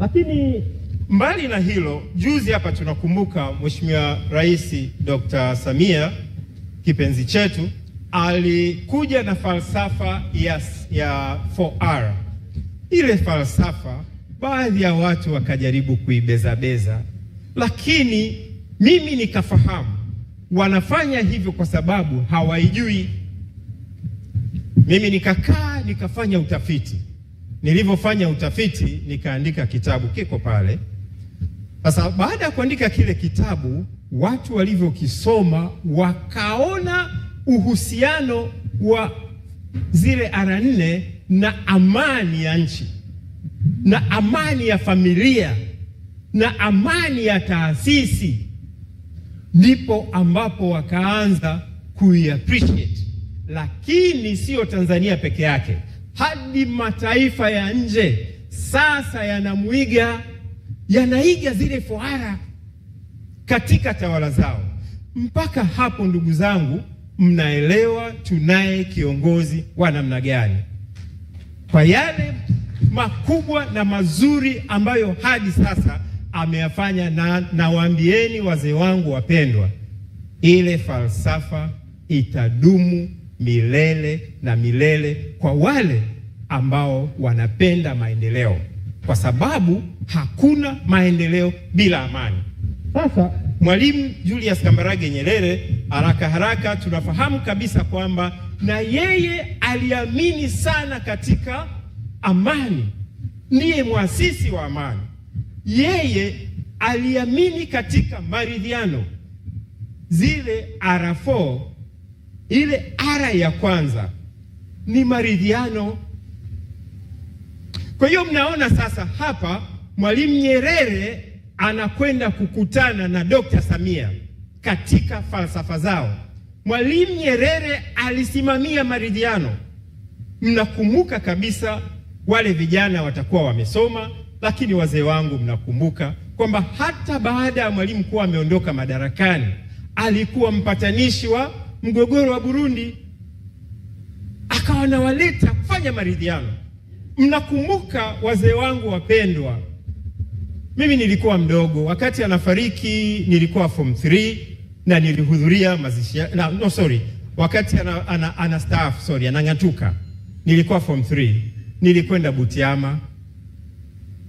Lakini mbali na hilo, juzi hapa tunakumbuka Mheshimiwa Rais Dr. Samia kipenzi chetu alikuja na falsafa ya, ya 4R. Ile falsafa baadhi ya watu wakajaribu kuibezabeza, lakini mimi nikafahamu wanafanya hivyo kwa sababu hawaijui. Mimi nikakaa nikafanya utafiti nilivyofanya utafiti nikaandika kitabu kiko pale. Sasa baada ya kuandika kile kitabu, watu walivyokisoma wakaona uhusiano wa zile ara nne na amani ya nchi na amani ya familia na amani ya taasisi, ndipo ambapo wakaanza kuiappreciate, lakini sio Tanzania peke yake hadi mataifa ya nje sasa yanamwiga, yanaiga zile fuara katika tawala zao. Mpaka hapo, ndugu zangu, mnaelewa tunaye kiongozi wa namna gani. Kwa yale makubwa na mazuri ambayo hadi sasa ameyafanya, na nawaambieni wazee wangu wapendwa, ile falsafa itadumu milele na milele kwa wale ambao wanapenda maendeleo, kwa sababu hakuna maendeleo bila amani. Sasa Mwalimu Julius Kambarage Nyerere, haraka haraka, tunafahamu kabisa kwamba na yeye aliamini sana katika amani, ndiye mwasisi wa amani. Yeye aliamini katika maridhiano, zile R4 ile ara ya kwanza ni maridhiano. Kwa hiyo mnaona sasa hapa Mwalimu Nyerere anakwenda kukutana na Dr. Samia katika falsafa zao. Mwalimu Nyerere alisimamia maridhiano. Mnakumbuka kabisa, wale vijana watakuwa wamesoma, lakini wazee wangu, mnakumbuka kwamba hata baada ya mwalimu kuwa ameondoka madarakani, alikuwa mpatanishi wa mgogoro wa Burundi, akawa nawaleta kufanya maridhiano. Mnakumbuka wazee wangu wapendwa, mimi nilikuwa mdogo wakati anafariki, nilikuwa form 3 na nilihudhuria mazishi na, no sorry, wakati ana, ana, ana staff sorry, anang'atuka, nilikuwa form 3 nilikwenda Butiama,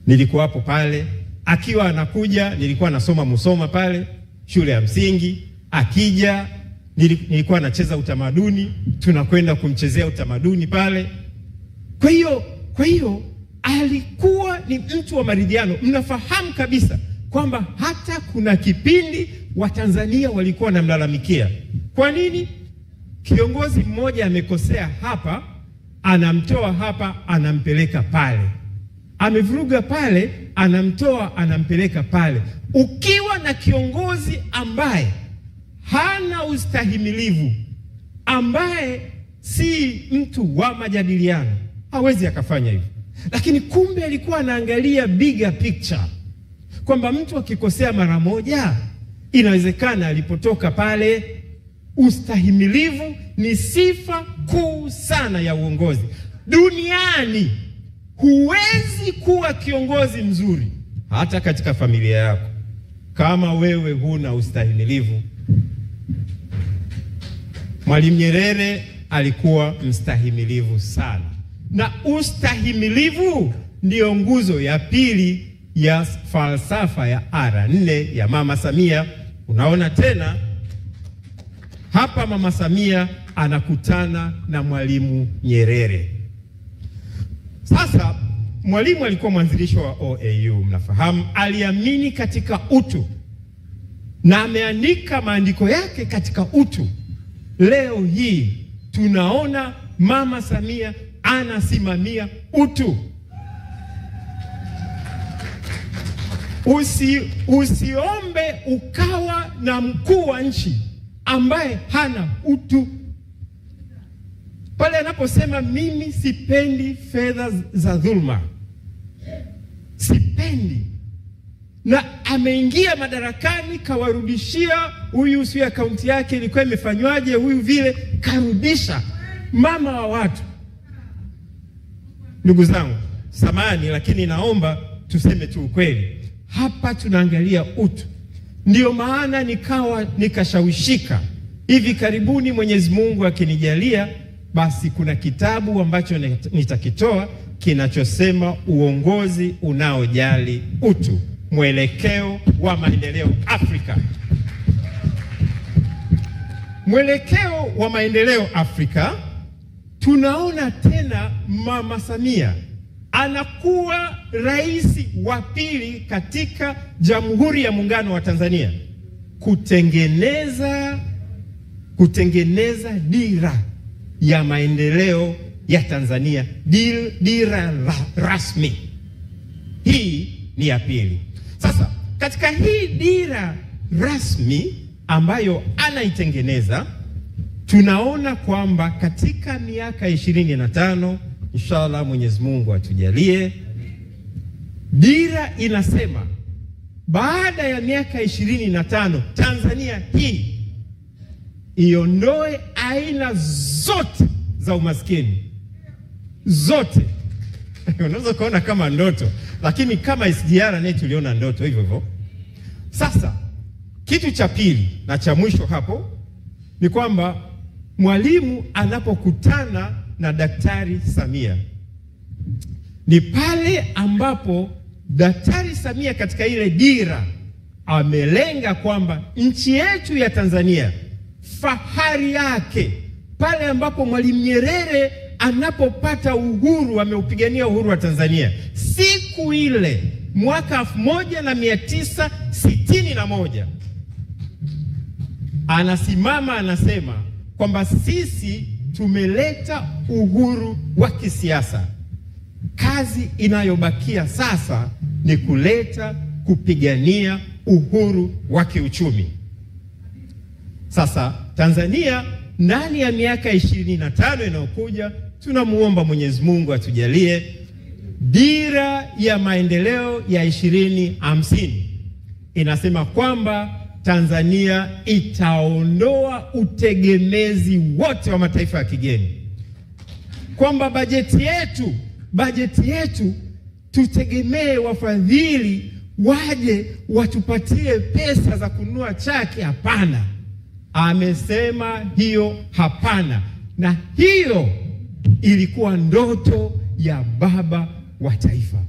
nilikuwa hapo pale akiwa anakuja, nilikuwa nasoma Musoma pale shule ya msingi, akija nilikuwa nacheza utamaduni, tunakwenda kumchezea utamaduni pale. Kwa hiyo kwa hiyo alikuwa ni mtu wa maridhiano. Mnafahamu kabisa kwamba hata kuna kipindi Watanzania walikuwa wanamlalamikia, kwa nini kiongozi mmoja amekosea hapa, anamtoa hapa, anampeleka pale, amevuruga pale, anamtoa, anampeleka pale. Ukiwa na kiongozi ambaye hana ustahimilivu, ambaye si mtu wa majadiliano hawezi akafanya hivyo. Lakini kumbe alikuwa anaangalia bigger picture kwamba mtu akikosea mara moja, inawezekana alipotoka pale. Ustahimilivu ni sifa kuu sana ya uongozi duniani. Huwezi kuwa kiongozi mzuri hata katika familia yako kama wewe huna ustahimilivu. Mwalimu Nyerere alikuwa mstahimilivu sana, na ustahimilivu ndiyo nguzo ya pili ya falsafa ya R4 ya Mama Samia. Unaona tena hapa Mama Samia anakutana na Mwalimu Nyerere. Sasa Mwalimu alikuwa mwanzilishi wa OAU, mnafahamu. Aliamini katika utu na ameandika maandiko yake katika utu. Leo hii tunaona Mama Samia anasimamia utu. Usi, usiombe ukawa na mkuu wa nchi ambaye hana utu. Pale anaposema mimi sipendi fedha za dhulma, sipendi, na ameingia madarakani kawarudishia huyu si akaunti yake ilikuwa imefanywaje, huyu vile, karudisha mama wa watu. Ndugu zangu, samani, lakini naomba tuseme tu ukweli hapa, tunaangalia utu. ndio maana nikawa nikashawishika hivi karibuni, Mwenyezi Mungu akinijalia, basi kuna kitabu ambacho nitakitoa kinachosema uongozi unaojali utu, mwelekeo wa maendeleo Afrika. Mwelekeo wa maendeleo Afrika, tunaona tena Mama Samia anakuwa rais wa pili katika Jamhuri ya Muungano wa Tanzania kutengeneza kutengeneza dira ya maendeleo ya Tanzania, dira, dira rasmi. Hii ni ya pili. Sasa katika hii dira rasmi ambayo anaitengeneza, tunaona kwamba katika miaka ishirini na tano inshallah Mwenyezi Mungu atujalie, dira inasema baada ya miaka ishirini na tano Tanzania hii iondoe aina zote za umaskini zote. Unaweza ukaona kama ndoto, lakini kama SGR naye tuliona ndoto hivyo hivyo. Sasa kitu cha pili na cha mwisho hapo ni kwamba mwalimu anapokutana na Daktari Samia ni pale ambapo Daktari Samia katika ile dira amelenga kwamba nchi yetu ya Tanzania fahari yake pale ambapo Mwalimu Nyerere anapopata uhuru, ameupigania uhuru wa Tanzania siku ile mwaka elfu moja na mia tisa sitini na moja anasimama anasema kwamba sisi tumeleta uhuru wa kisiasa. Kazi inayobakia sasa ni kuleta kupigania uhuru wa kiuchumi. Sasa Tanzania ndani ya miaka ishirini na tano inayokuja, tunamuomba Mwenyezi Mungu atujalie dira ya maendeleo ya ishirini hamsini inasema kwamba Tanzania itaondoa utegemezi wote wa mataifa ya kigeni, kwamba bajeti yetu bajeti yetu tutegemee wafadhili waje watupatie pesa za kununua chaki? Hapana, amesema hiyo hapana. Na hiyo ilikuwa ndoto ya baba wa taifa.